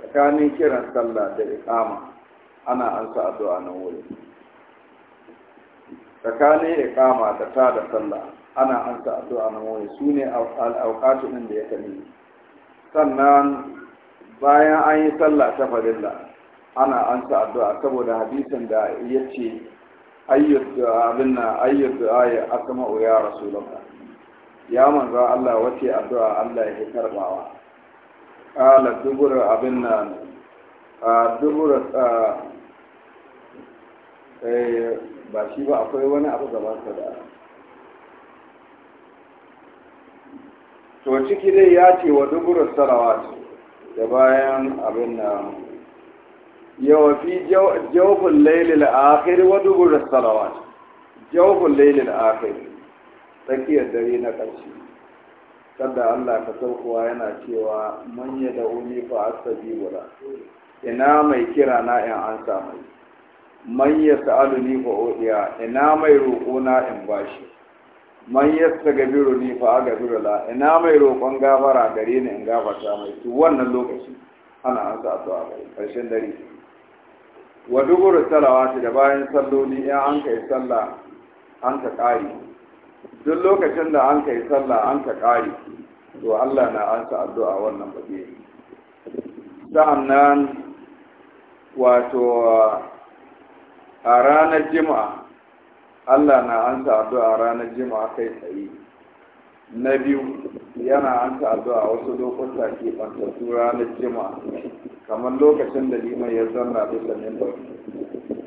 tsakanin kiran sallah da iƙama ana ansa addu'a nan wuri tsakanin iƙama da ta da sallah ana ansa addu'a nan wuri su ne al'aukatu ɗin da ya kani sannan bayan an yi sallah ta farilla ana ansa addu'a saboda hadisin da ya ce ayyuka abin na ya ayi asma'u ya rasulullah ya manzo Allah wace addu'a Allah ya karbawa kala dubur abin nan a dubur a eh, ba shi ba akwai wani abu gaban sa da to ciki dai ya ce wa dubur salawat da bayan abin nan yawa fi jawfin lailil akhir wa dubur salawat jawfin lailil akhir tsakiyar dare na ƙarshe sanda Allah ka saukowa yana cewa manya da uni fa asabi wala ina mai kira na in an samu ya sa'alu ni fa odiya ina mai roƙo na in bashi man yasta gabiru ni fa aga la? ina mai roƙon gafara gare ni in gafarta mai su wannan lokaci ana an sa su a ƙarshen dare wa duburu salawati da bayan salloli in an kai sallah an ta ƙari duk lokacin da an kai sallah an ka ƙari to Allah na an sa addu'a wannan baje sa'annan wato a ranar jima'a Allah na an sa addu'a ranar jima'a kai tsaye na biyu yana an sa addu'a wasu lokuta ke bantattu ranar jima'a kamar lokacin da liman ya zanna bisa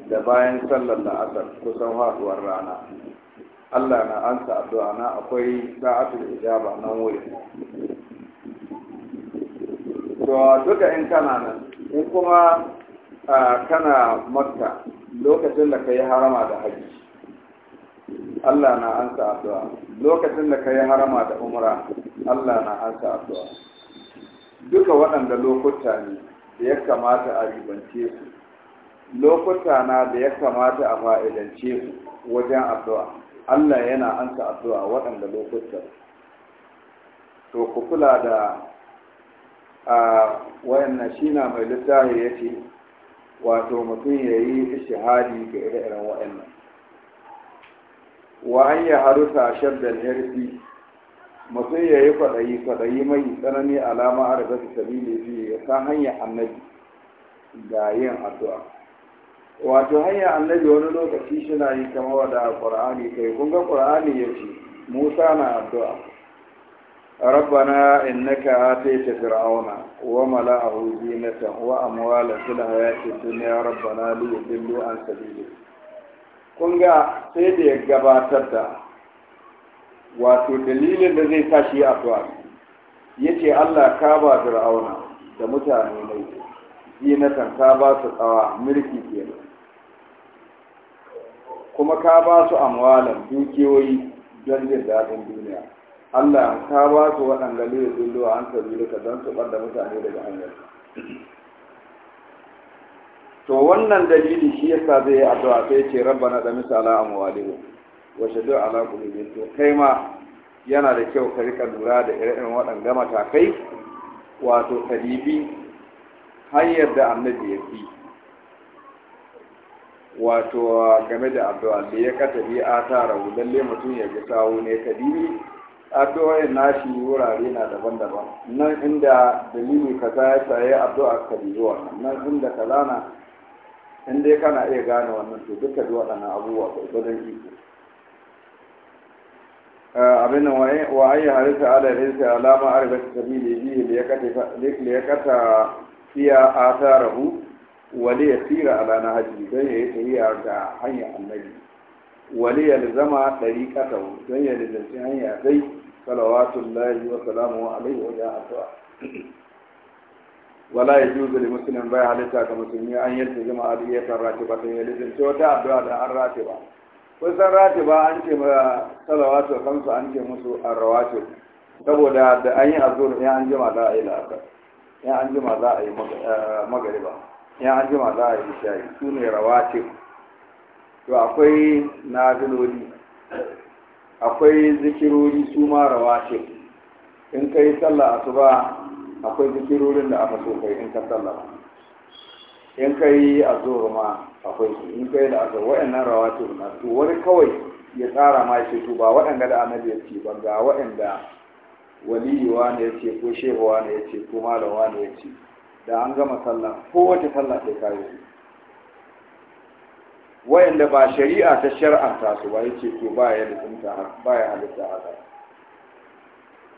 da bayan sallar la'asar kusan haɗuwar rana Allah na ansa addu'a na akwai sa'atul ijaba nan wuri. to duka in kana nan in kuma kana makka lokacin da ka yi harama da hajji Allah na ansa addu'a lokacin da ka yi harama da umra Allah na ansa addu'a duka waɗanda lokuta ne da ya kamata a ribance su lokuta na da ya kamata a fa'idance su wajen addu'a Allah yana ansa addu'a waɗanda lokutan to ku kula da a wayanna shi na mai littafi ya ce wato mutum ya yi ishihadi ga ire-iren wayanna. wa an yi haruta shaddal hirfi mutum ya yi kwaɗayi kwaɗayi mai tsanani alama a rabata sabili ya san hanyar annabi ga yin addu'a wato hanya annabi wani lokaci suna yi kama wada qur'ani kai kun ga qur'ani yace musa na addu'a fir'auna wa mala'ahu فرعون wa amwala وأموالا hayati dunya rabbana li yudillu an sabili kun ga sai da ya gabatar da wato dalilin da zai tashi a tuwa ya ce allah ka ba fir'auna da mutane mai zinatan ka ba su tsawa mulki kenan kuma ka ba su amwalan dukiyoyi don jin daɗin duniya Allah ka ba su waɗanda ne zullo an sabi don su da mutane daga hanyar to wannan dalili shi yasa zai yi addu'a sai ce rabba na da misala a amwalihu wa shadu ala qulubihim to kai ma yana da kyau ka rika lura da irin waɗanda matakai wato ribi hanyar da annabi ya fi wato game da addu'a da ya kata bi a tara lalle mutum ya ji sawo ne kadiri addu'o'in nashi wurare na daban-daban nan inda dalili kaza ya saye ka bi zuwa nan inda ka lana, in dai kana iya gane wannan to duka da waɗannan abubuwa gwargwadon iko eh, abin nan wa ayi harisa ala rinsa alama arba sabili ya liyakata fiya atarahu wali ya tsira ala na haji don ya yi tahiya ga hanyar annabi wali ya zama ɗari ƙasa don ya lalace hanya zai salawatun lahi wa salamu alaihi wa ja'atuwa wala ya juzu da musulmin bai halitta ga musulmi an yi yadda jama'a ya san rati ba sai ya lalace wata addu'a da an rati ba kun san race ba an ce ma salawatu kansu an ce musu arrawatu saboda da an yi azur ya an jima za a yi la'asar ya an jima za a yi magariba yan an jima za a yi shayi su ne rawatib to akwai nafiloli akwai zikirori su ma rawatib in ka yi sallah asuba akwai zikirorin da aka so kai in ka sallah in ka yi azhar ma akwai su in ka yi da azhar wa'annan rawatib na to wani kawai ya tsara ma shi to ba waɗanda da annabi ya ce ba ga waɗanda waliyuwa ne ya ce ko shehuwa ne ya ce ko malawa ne ya ce da an gama sallah ko wata sallah sai kayi su wayanda ba shari'a ta shar'anta su ba yace to ba ya halitta haka ba ya halitta haka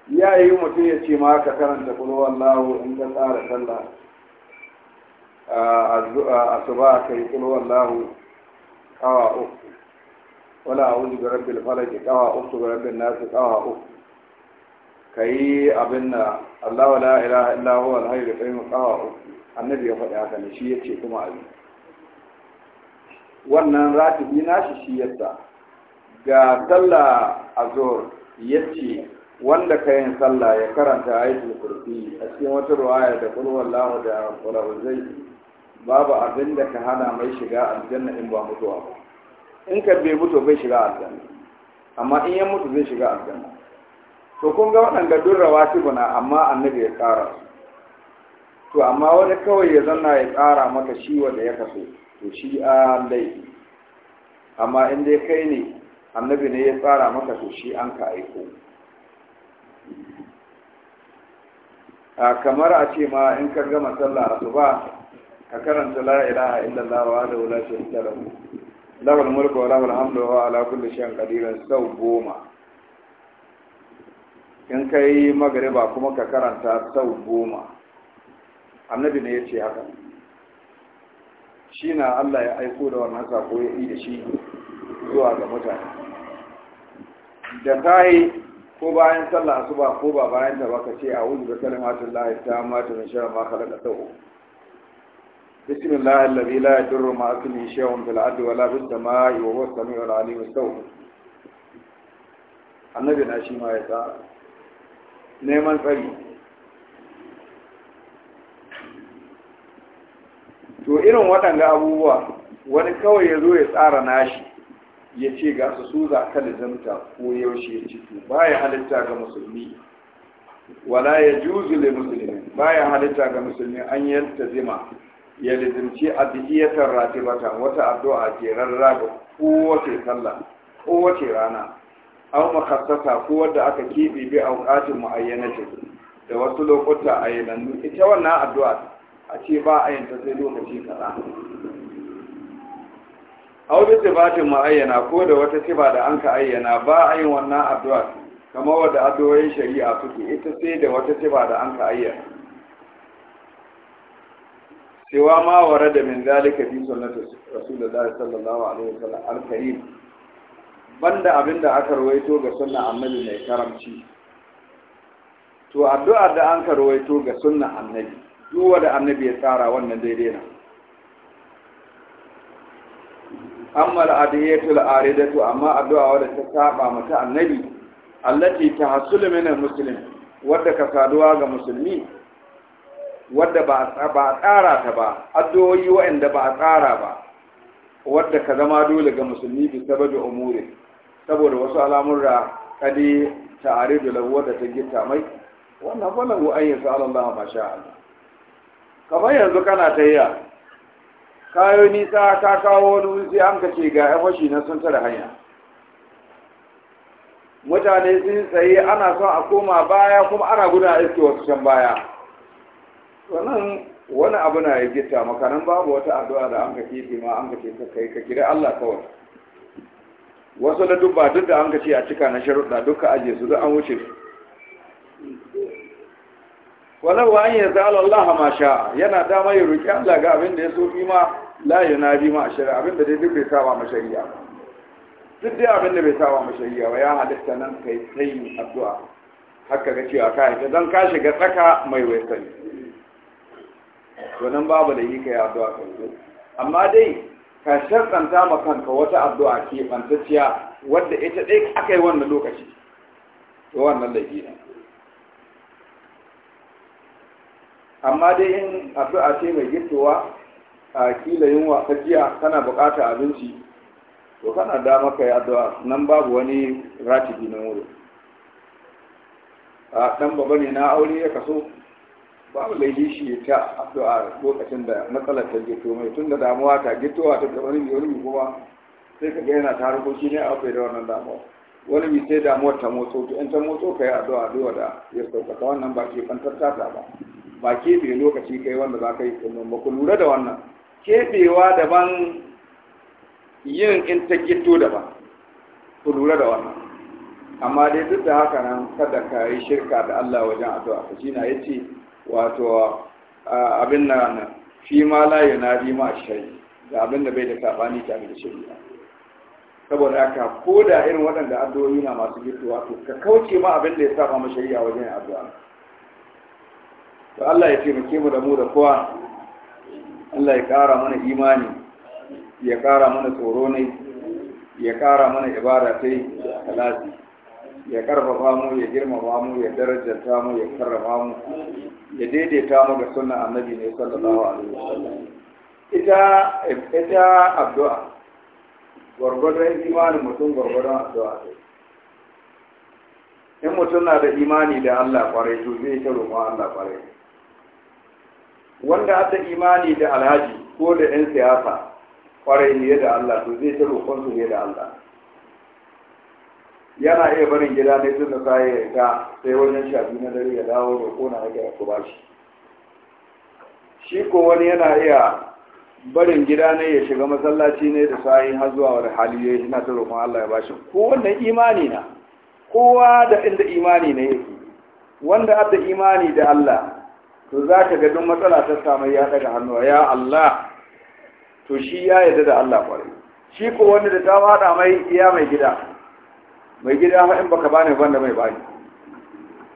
ya yi mutum ya ce ma ka karanta kul wallahu in ka tsara sallah a asuba kai kul wallahu kawa uku wala a'udhu bi rabbil falaq kawa uku bi rabbin nas kawa uku ka yi abin da, Allah wa la ilaha illa huwa al da qayyum qawa annabi ya faɗi haka ne shi ya ce kuma abin wannan ratibi nashi shi yadda. ga Talla sallah ya ce wanda ka yin sallah ya karanta yi tukurfi a cikin wata ruwaya da kulwar lawa da qul zai babu abin da ka hana mai shiga aljanna in ba mutuwa ba in ka bai mutu bai shiga aljanna amma in ya mutu zai shiga aljanna to kun ga waɗanda duk rawatibu buna amma annabi ya ƙara to amma wani kawai ya zanna ya ƙara maka shi wanda ya kaso to shi a laifi amma in dai kai ne annabi ne ya tsara maka to shi an ka aiko a kamar a ce ma in ka gama sallah asuba ka karanta la ilaha illallah wa la ilaha illallah lahul mulku wa lahul hamdu wa ala kulli shay'in qadirun sau goma in ka yi magariba kuma ka karanta sau goma annabi ne ya ce haka shi na allah ya aiko da wannan sako ya yi da shi zuwa ga mutane da ta yi ko bayan sallah asuba ko ba bayan ta baka ce a wuzu da kalimatun lahi ta mata mai shara ma da tsawo. bismillah allazi la yadurru ma ismihi shay'un fil ardi wala fis samai wa huwa as-sami'ul alim tsawo annabi na shi ma ya sa'a. neman tsari to irin waɗanda abubuwa wani kawai ya zo ya tsara nashi ya ce ga su su za ka lizanta ko yaushe ya ci ba ya halitta ga musulmi wala ya juzu le musulmi ya halitta ga musulmi an ta zima ya lizimci addu'iyatar ratibata wata addu'a ke rarra ga kowace sallah kowace rana aw makhassasa ko wanda aka kebe bi auqatin muayyanatin da wasu lokuta ayyanannu ita wannan addu'a a ce ba a yin ta sai lokaci kaza aw bi sifatin muayyana ko da wata sifa da an ka ayyana ba a yin wannan addu'a kamar wadda addu'o'in shari'a suke ita sai da wata sifa da an ka ayyana cewa ma ware da min zalika fi sunnati rasulullahi sallallahu alaihi wasallam al-karim banda abin da aka rawaito ga sunna annabi mai karamci to addu'a da an ka rawaito ga sunna annabi duk wanda annabi ya tsara wannan daidai na amma al'adiyatul aridatu amma addu'a wadda ta saba mata annabi allati tahassul min muslim wadda ka saduwa ga musulmi wadda ba a tsara ta ba addu'o'i waɗanda ba a tsara ba wadda ka zama dole ga musulmi bi sababi umurin saboda wasu al'amurra kadi da lahu da ta gita mai wannan falahu an yasa Allah ma sha Allah kamar yanzu kana tayya kayo nisa ta kawo wani wuzi an ka ce ga fashi na sun tare hanya mutane sun tsaye ana son a koma baya kuma ana guda iske wasu can baya wannan wani abu na ya gita makanan babu wata addu'a da an ka kifi ma an ka ce ka kai ka kira Allah kawai wasu na ba duk da an ka ce a cika na sharuɗa duka aje su duk an wuce su walau an yi zala Allah ma sha yana dama ya roki Allah ga abin da ya so bi ma la bi ma shari'a abin da dai duk bai saba ma shari'a duk dai abin da bai saba ma shari'a ba ya halitta nan kai sai addu'a haka ga cewa ka hita don ka shiga tsaka mai waisani to nan babu da yi kai addu'a kai amma dai ka sharɗanta ma kanka wata addu'a ke fantacciya wadda ita dai aka yi wannan lokaci to wannan laifi ne amma dai in addu'a ce mai gittowa a kila yunwa jiya kana buƙatar abinci to kana da maka yi addu'a nan babu wani ratibi na wuri a ɗan baba na aure ya kaso babu laifi shi ta addu'a lokacin da matsalar ta gito mai tun da damuwa ta gito, ta wani mai wani kuma sai ka ga yana ta harkoki ne a kai da wannan damuwa wani mai sai damuwar ta motso to in ta motso ka yi addu'a addu'a da ya sauƙaƙa wannan ba ke kwantar ta ba ba keɓe lokaci kai wanda za ka yi sannan ba ku lura da wannan keɓewa daban yin in ta gito daban ku lura da wannan amma dai duk da haka nan kada ka yi shirka da Allah wajen addu'a ka shi na yace wato abin na fi ma na yunadi ma shari da abin da bai da sabani ta da shari'a saboda haka ko da irin waɗanda addu'o'i na masu gittowa wato, ka kauce ma abin da ya saba ma shari'a wajen addu'a to Allah ya taimake mu da mu da kowa Allah ya ƙara mana imani ya ƙara mana tsoro ne ya ƙara mana ibada sai talati ya karfafa mu ya girmama mu ya darajarta mu ya karrama mu ya daidaita mu da sunnan annabi ne sallallahu alaihi wasallam ita ita addu'a gwargwadon imanin mutum gwargwadon addu'a in mutum na da imani da Allah kwarai to zai ta roƙo Allah kwarai wanda aka imani da alhaji ko da ɗan siyasa kwarai ne da Allah to zai ta roƙon su ne da Allah yana iya barin gida ne tun da sai ya ga sai wajen shafi na dare ya dawo ya kona ya ga ku bashi shi ko wani yana iya barin gida ne ya shiga masallaci ne da sai har zuwa wani hali ya yi na ta roƙon Allah ya bashi ko wannan imani na kowa da inda imani ne yake wanda adda imani da Allah to za ka ga duk matsala ta samu ya daga hannu ya Allah to shi ya yarda da Allah kwarai shi ko wanda da ta fada mai iya mai gida mai gida in baka bani banda mai bani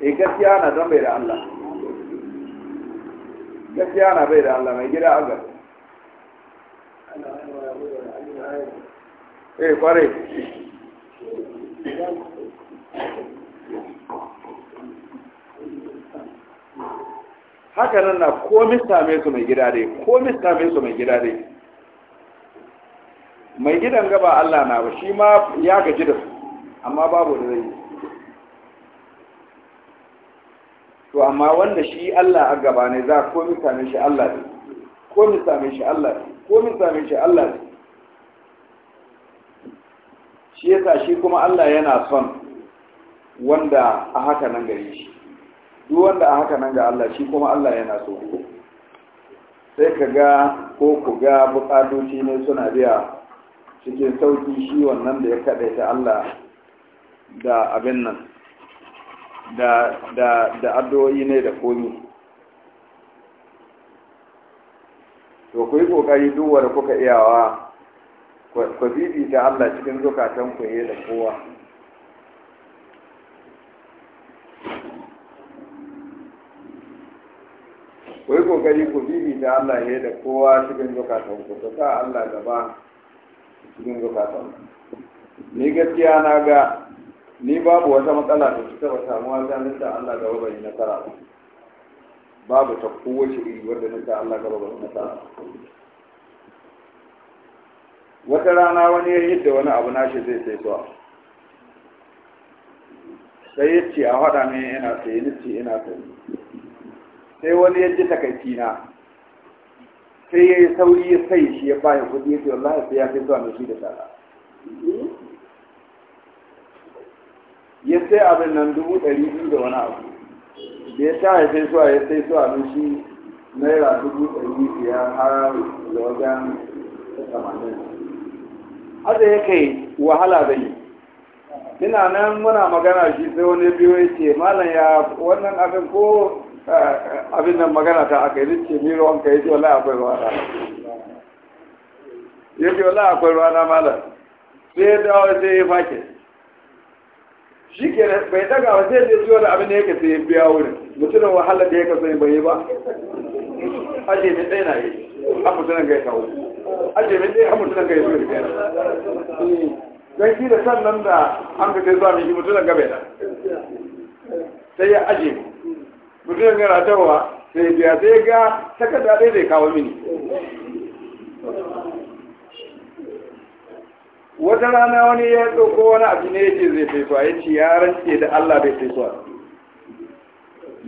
eh gaskiya na dan bai da Allah gaskiya na bai da Allah mai gida aga eh kware haka nan na komi same su mai gida dai komi same su mai gida dai mai gidan gaba Allah na ba shi ma ya gaji da su amma babu da zai to amma wanda shi Allah a gaba ne za ko mi same shi Allah ne ko mi same shi Allah ne ko mi same shi Allah ne shi yasa shi kuma Allah yana son wanda a haka nan gare shi duk wanda a haka nan ga Allah shi kuma Allah yana so sai ka ga ko ku ga bukatoci ne suna biya cikin sauki shi wannan da ya kaɗaita Allah da abin nan da addu'o'i ne da komi to ku yi duk duwar kuka iyawa ku bibita Allah cikin zukatan ku da kowa ku yi ƙoƙari ku bibita Allah ya da kowa cikin zukatan ku ta sa Allah gaba cikin zukatan ku ni gaskiya na ga ni babu wata matsala da su taba samuwa ta nasta Allah gaba bai nasara babu ta kowace iri wadda nasta Allah gaba bai nasara wata rana wani ya yi da wani abu nashi zai sai suwa sai ya ce a haɗa ne yana sai ni ce ina sai sai wani ya ji takaici na sai ya yi sauri ya sai shi ya bayan kuɗi ya ce wallahi sai ya sai suwa mai shi da tsada hmm? ya sai abin nan dubu ɗari biyu da wani abu da ya sa ya sai suwa ya sai suwa don shi naira dubu ɗari biyar har da wajen tamanin haka ya kai wahala da yi ina nan muna magana shi sai wani biyo ya ce malam ya wannan abin ko eh, abin nan magana ta aka yi ce ni ruwan ka ya ce wala akwai ruwana ya ce wala akwai ruwana malam sai ya dawo sai ya fake shi ke bai daga wa zai zai zuwa da abin da yake sai biya wurin mutumin wahalar da ya kaso bai yi ba aje mai ɗaya na yi a mutumin ga ya kawo aje mai ɗaya a mutumin ga ya zuwa da don shi da nan da an ka sai zuwa mai mutumin ga da sai ya aje mutumin na sai biya sai ga takarda ɗaya zai kawo mini wata rana wani ya ɗauko wani abu ne yake zai suwa ya ce ya rantse da Allah bai suwa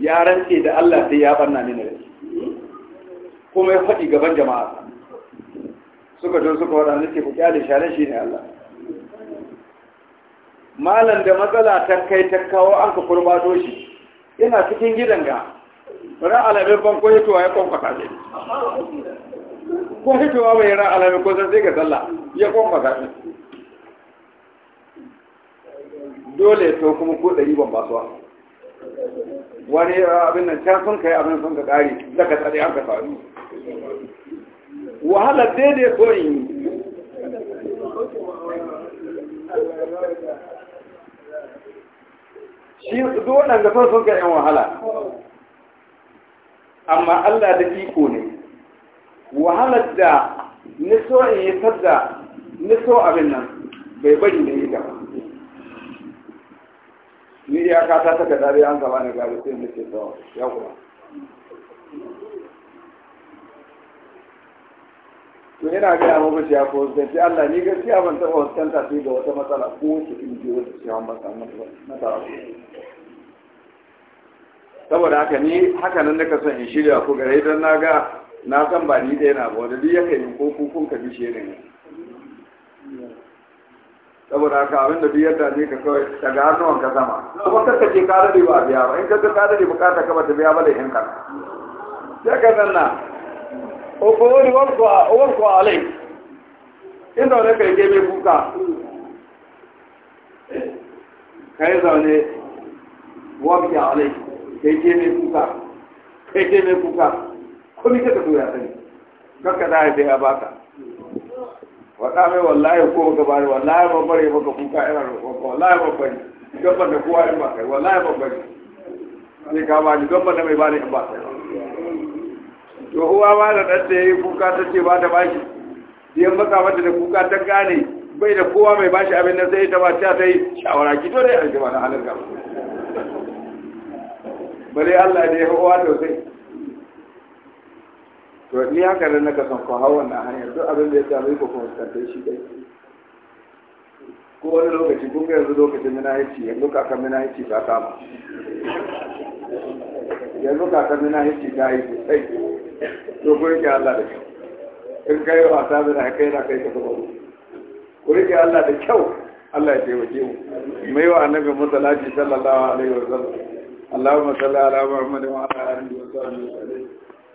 ya rantse da Allah sai ya banna na rai kuma ya faɗi gaban jama'a suka zo suka waɗanda ce ku kyale share shi ne Allah malam da matsala ta kai ta kawo an ka kurbato shi yana cikin gidan ga ra alamin ban ko hitowa ya kwamfata shi ko hitowa bai ra alamin ko sai ga sallah ya kwamfata shi dole ya tau kuma ko ɗari ban basuwa wani ah, abin nan can sun kai abin sun ka ƙari daga tsari an ka faru wahala daidai ko in yi shi dole waɗanda son sun ka yan wahala amma Allah da iko ne wahalar da niso in yi sadda niso abin nan bai bari da yi gaba ni ka ta taka dare an gaba na gari sai mace ta ya kuma to yana gaya ba ya ko zanci Allah ni gaskiya ban taɓa wasanta sai ga wata matsala ko wace in ji wata cewa matsala saboda haka ni haka nan naka son in shirya ku gare dan na ga na san ba ni ɗaya na ba wanda duk yake yin ko kun ka bi shi ne saboda haka abin da biyar da ne ka kawai daga hannuwan ka sama kuma ka ce ka dade ba a biya ba in ka ga ka dade bukata ka ta biya ba da in ka sai ka nan na ukuri warku alai inda wani kai ke mai kuka kai zaune warki alai kai ke mai kuka kai ke mai kuka kuma kika tuya sani ta da a baka faɗa mai wallahi ko baka bari wallahi ban bare baka kuka ina roƙonka wallahi ba bari gaban da kowa in ba kai wallahi ba bari sai ka bani gaban da mai bani in ba kai to uwa ma da ɗan da ya yi kuka ta ce ba da bashi yan maka mata da kuka ta gane bai da kowa mai bashi abin nan sai ta ba ta yi shawara ki to dai jama'a na halarka bare Allah ne ya uwa da sai to ni haka nan naka son ku hau wannan hanyar duk abin da ya sami ku kuma fuskantar shi dai ko wani lokaci kun ga yanzu lokacin minahici yanzu kaka minahici ta kama yanzu kaka minahici ta yi sosai to ku rike Allah da kyau in kai wa wasa mina kai na kai ka zama ku rike Allah da kyau Allah ya taimake mu mai wa annabi musallati sallallahu alaihi wa sallam اللهم صل على محمد وعلى اله وصحبه وسلم